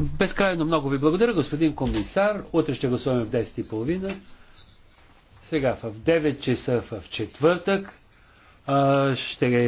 Безкрайно много ви благодаря, господин комисар. Утре ще гласуваме в 10.30. Сега в 9 часа в четвъртък ще